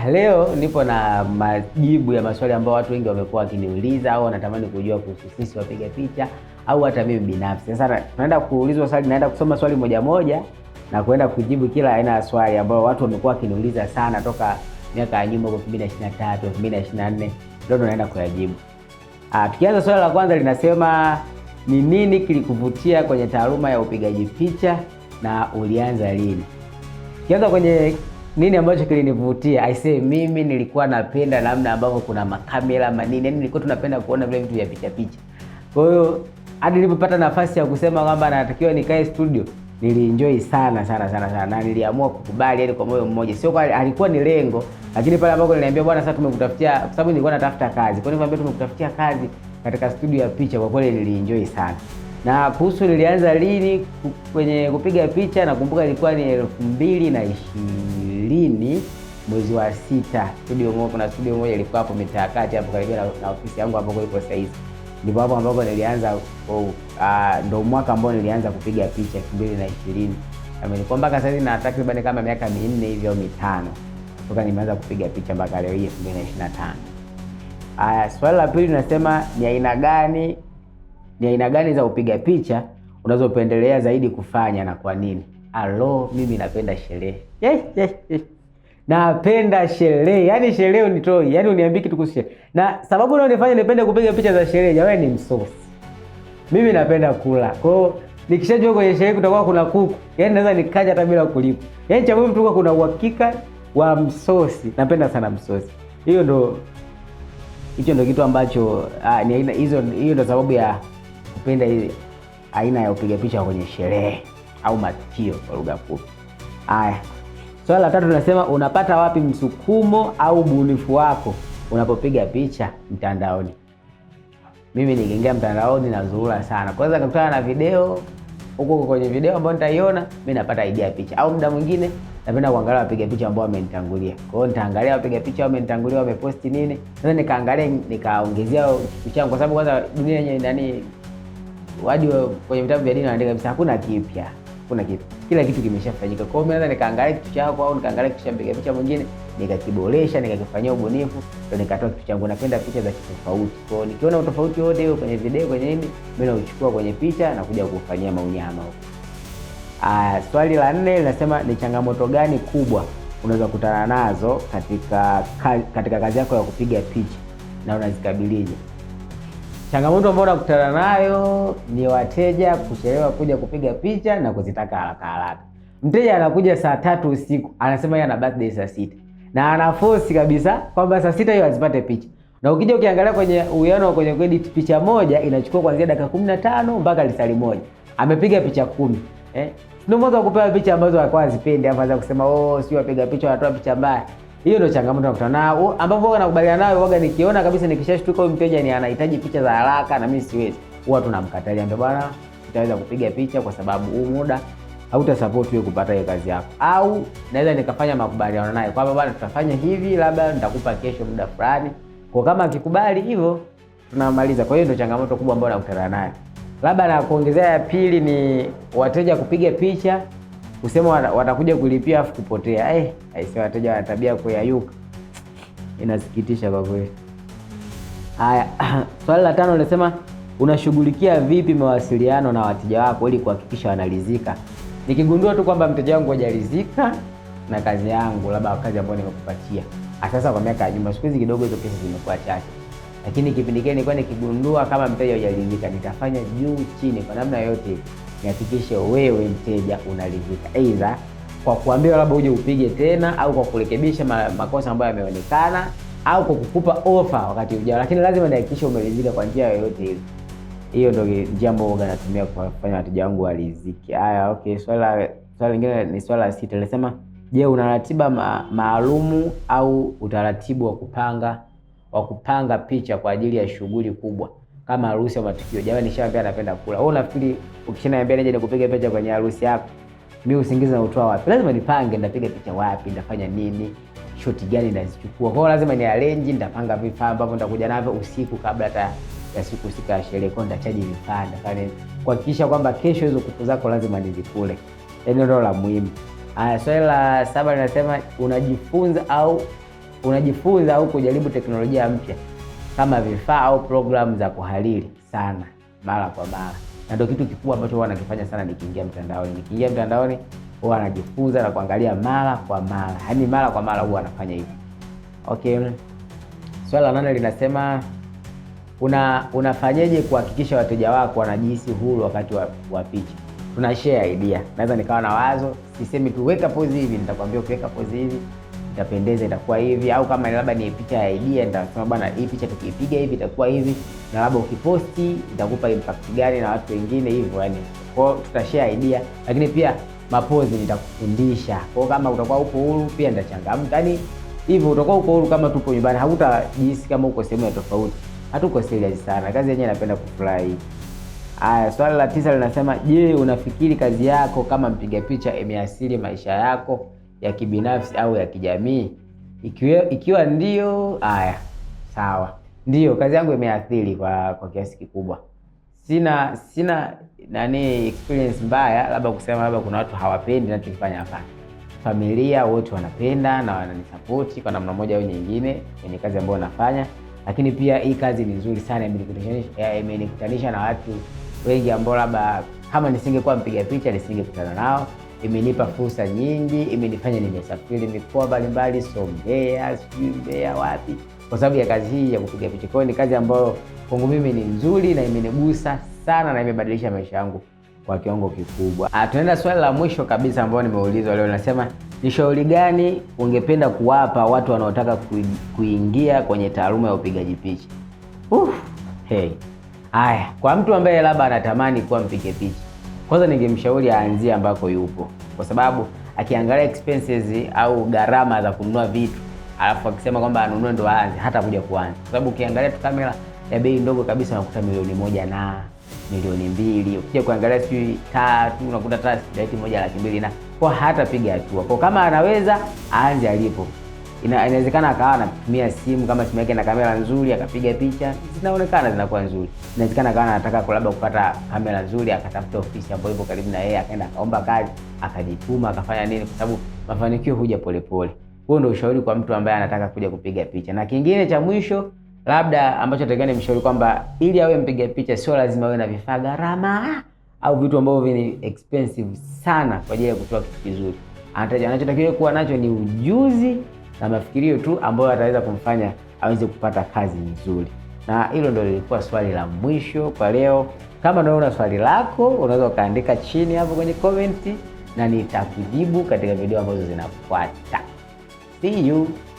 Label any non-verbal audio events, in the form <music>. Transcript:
Ah, leo nipo na majibu ya maswali ambayo watu wengi wamekuwa wakiniuliza au wanatamani kujua kuhusu sisi wapiga picha au hata mimi binafsi. Sasa tunaenda kuulizwa swali, naenda kusoma swali moja moja na kuenda kujibu kila aina ya swali ambayo watu wamekuwa wakiniuliza sana toka miaka ya nyuma, 2023, 2024. Leo tunaenda kuyajibu. Ah, tukianza swali la kwanza linasema ni nini kilikuvutia kwenye taaluma ya upigaji picha na ulianza lini? Tukianza kwenye nini ambacho kilinivutia? Aisee, mimi nilikuwa napenda namna ambavyo kuna makamera manini, yani nilikuwa tunapenda kuona vile vitu vya picha picha. Kwa hiyo hadi nilipopata nafasi ya kusema kwamba natakiwa nikae studio, nilienjoy sana sana sana sana, na niliamua kukubali, yani kwa moyo mmoja, sio kwa alikuwa ni lengo, lakini pale ambapo niliambia bwana, sasa tumekutafutia, kwa sababu nilikuwa natafuta kazi, kwa hiyo nikamwambia tumekutafutia kazi katika studio ya picha. Kwa kweli nilienjoy sana na kuhusu nilianza lini kwenye kupiga picha, nakumbuka ilikuwa ni elfu mbili na ishirini mwezi wa sita, studio moja, kuna studio moja ilikuwa hapo mitaa kati hapo karibia na, na ofisi yangu ambako ipo sasa hivi, ndipo hapo ambapo nilianza oh, uh, ndo mwaka ambao nilianza kupiga picha elfu mbili na ishirini nilikuwa mpaka sasa hivi na takriban kama miaka minne hivi au mitano toka nimeanza kupiga picha mpaka leo hii elfu mbili na ishirini na tano. Aya, swali la pili nasema ni aina gani ni aina gani za upiga picha unazopendelea zaidi kufanya na kwa nini? Alo, mimi napenda sherehe. Yes, yes, yes. Napenda sherehe, yaani sherehe unitoi, yaani uniambie kitu kuhusu sherehe. Na sababu unaonifanya nipende kupiga picha za sherehe, jamani, ni msosi. Mimi napenda kula. Kwa hiyo nikishajua kwenye sherehe kutakuwa kuna kuku, yaani naweza nikaja hata bila kulipa. Yaani cha muhimu tu kuna uhakika wa msosi. Napenda sana msosi. Hiyo ndo hicho ndo kitu ambacho ah, ni hizo, hiyo ndo sababu ya kupenda hii aina ya upiga picha kwenye sherehe au matukio kwa lugha fupi. Haya, swali la tatu tunasema unapata wapi msukumo au ubunifu wako unapopiga picha mtandaoni? Mimi nikiingia mtandaoni nazuura sana, kwanza nikutana na video huko kwenye video ambayo nitaiona mimi napata idea ya picha, au muda mwingine napenda kuangalia wapiga picha ambao wamenitangulia. Kwa hiyo nitaangalia wapiga picha wamenitangulia wameposti nini, sasa nikaangalia nikaongezea picha yangu, kwa sababu kwanza dunia yenye nani waji kwenye vitabu vya dini wanaandika kabisa hakuna kipya, hakuna kipya, kila kitu kimeshafanyika. Kwa hiyo mimi naweza nikaangalia kitu chako au nikaangalia kitu cha mpiga picha mwingine nikakiboresha nikakifanyia ubunifu ndio nikatoa kitu changu. Napenda picha za kitofauti, kwao nikiona utofauti wote hiyo kwenye video, kwenye nini, mimi nauchukua kwenye picha na kuja kufanyia maunyama huko. Ah, swali la nne linasema ni changamoto gani kubwa unaweza kutana nazo katika katika kazi yako ya kupiga picha na unazikabilije? Changamoto ambayo nakutana nayo ni wateja kuchelewa kuja kupiga picha na kuzitaka haraka haraka. Mteja anakuja saa tatu usiku anasema yeye ana birthday saa sita na anaforce kabisa kwamba saa sita hiyo azipate picha, na ukija ukiangalia kwenye uwiano wa kwenye credit, picha moja inachukua kuanzia dakika kumi na tano mpaka lisali moja, amepiga picha kumi eh? Ndio mwanzo wa kupewa picha ambazo alikuwa azipendi, afaanza kusema oh, sio wapiga picha wanatoa picha mbaya hiyo ndio changamoto nakutana nao, ambavyo nakubaliana nayo waga, nikiona kabisa nikishashtuka huyu mteja ni anahitaji picha za haraka na mimi siwezi, huwa tunamkatalia, ndio bwana, sitaweza kupiga picha kwa sababu huu muda hauta support wewe kupata hiyo kazi yako, au naweza nikafanya makubaliano naye kwamba bwana, tutafanya hivi, labda nitakupa kesho muda fulani, kwa kama akikubali hivyo tunamaliza. Kwa hiyo ndio changamoto kubwa ambayo nakutana nayo. Labda na kuongezea ya pili ni wateja kupiga picha kusema watakuja kulipia afu kupotea. Eh, aise, wateja wana tabia kuyayuka, inasikitisha kwa kweli. Haya, <clears throat> swali la tano linasema unashughulikia vipi mawasiliano na wateja wako ili kuhakikisha wanaridhika? Nikigundua tu kwamba mteja wangu hajaridhika na kazi yangu, labda kazi ambayo nimekupatia ah, sasa, kwa miaka ya nyuma, siku hizi kidogo hizo pesa zimekuwa chache, lakini kipindi kile nilikuwa nikigundua kama mteja hajaridhika, nitafanya juu chini kwa namna yote nihakikishe wewe mteja unaridhika, aidha kwa kuambia labda uje upige tena au kwa kurekebisha makosa ambayo yameonekana au kwa kukupa ofa wakati ujao, lakini lazima nihakikishe umeridhika kwa njia yoyote ile. Hiyo ndio njia ambayo natumia kufanya wateja wangu waridhike. Haya, okay, swala swala lingine ni swala la sita, linasema je, una ratiba ma, maalumu au utaratibu wa kupanga wa kupanga picha kwa ajili ya shughuli kubwa? kama harusi au matukio. Jamani, nishaambia napenda kula. Wewe unafikiri ukishaniambia nije nikupige picha kwenye harusi yako, mimi usingizi na utoa wapi? Lazima nipange, nitapiga picha wapi, nitafanya nini, shoti gani nazichukua. Kwa hiyo lazima ni arrange, nitapanga vifaa ambavyo nitakuja navyo usiku kabla hata ya siku husika ya sherehe. Kwa ndachaji vifaa, nitafanya kuhakikisha kwamba kesho hizo kuku zako lazima nizikule. Yaani ndio la muhimu. Aya, swali la saba linasema unajifunza au unajifunza au kujaribu teknolojia mpya kama vifaa au programu za kuhariri sana mara kwa mara, na ndio kitu kikubwa ambacho huwa nakifanya sana nikiingia mtandaoni. Nikiingia mtandaoni huwa anajifunza na kuangalia mara kwa mara, yaani mara kwa mara huwa anafanya hivyo. Okay, swali la nane linasema una unafanyeje kuhakikisha wateja wako wanajihisi huru wakati wa, wa picha. Tuna share idea, naweza nikawa na wazo, sisemi tu weka pozi hivi, nitakwambia ukiweka pozi hivi itapendeza itakuwa hivi, au kama labda ni picha ya idea, nitasema bwana, hii picha tukiipiga hivi itakuwa hivi, na labda ukiposti itakupa impact gani na watu wengine hivyo, yani kwao tutashare idea, lakini pia mapozi nitakufundisha kwao. Kama utakuwa huko huru pia nitachangamka, yani hivyo utakuwa huko huru. Kama tupo nyumbani, hautajihisi kama uko sehemu ya tofauti, hatuko serious sana. Kazi yenyewe napenda kufurahi. Aya, swali la tisa linasema, je, unafikiri kazi yako kama mpiga picha imeasili maisha yako? ya kibinafsi au ya kijamii? Ikiwa, ikiwa ndio, haya sawa, ndio kazi yangu imeathiri kwa kwa kiasi kikubwa. Sina sina nani experience mbaya, labda kusema labda kuna watu hawapendi ninachokifanya. hapa. familia wote wanapenda na wananisupport kwa namna moja au nyingine kwenye kazi ambayo nafanya, lakini pia hii kazi ni nzuri sana, imenikutanisha eh, na watu wengi ambao labda kama nisingekuwa mpiga picha nisingekutana nao imenipa fursa nyingi, imenifanya nimesafiri mikoa mbalimbali, Songea, sijui Mbeya, wapi, kwa sababu ya kazi hii ya kupiga picha. Kwa hiyo ni kazi ambayo kwangu mimi ni nzuri na imenigusa sana na imebadilisha maisha yangu kwa kiwango kikubwa. Ah, tunaenda swali la mwisho kabisa ambayo nimeulizwa leo, nasema ni shauri gani ungependa kuwapa watu wanaotaka kuingia kwenye taaluma ya upigaji picha? Uf, hey. Aya, kwa mtu ambaye labda anatamani kuwa mpige picha kwanza ningemshauri aanzie ambako yupo, kwa sababu akiangalia expenses au gharama za kununua vitu alafu akisema kwamba anunue ndo aanze, hata kuja kuanza, kwa sababu ukiangalia tu kamera ya bei ndogo kabisa unakuta milioni moja na milioni mbili. Ukija kuangalia sijui tatu unakuta taa moja laki mbili na kwa hata piga hatua kwa, kama anaweza aanze alipo inawezekana akawa anatumia simu kama simu yake na kamera nzuri, akapiga picha zinaonekana zinakuwa nzuri. Inawezekana akawa anataka labda kupata kamera nzuri, akatafuta ofisi ambayo ipo karibu na yeye, akaenda akaomba kazi, akajituma, akafanya nini, kwa sababu mafanikio huja polepole. Huo ndio ushauri kwa mtu ambaye anataka kuja kupiga picha. Na kingine cha mwisho labda ambacho atakiwa ni mshauri kwamba ili awe mpiga picha sio lazima awe na vifaa gharama au vitu ambavyo vini expensive sana kwa ajili ya kutoa kitu kizuri. Anachotakiwa kuwa nacho ni ujuzi na mafikirio tu ambayo ataweza kumfanya aweze kupata kazi nzuri. Na hilo ndo lilikuwa swali la mwisho kwa leo. Kama nawe una swali lako, unaweza ukaandika chini hapo kwenye komenti na nitakujibu katika video ambazo zinafuata. See you.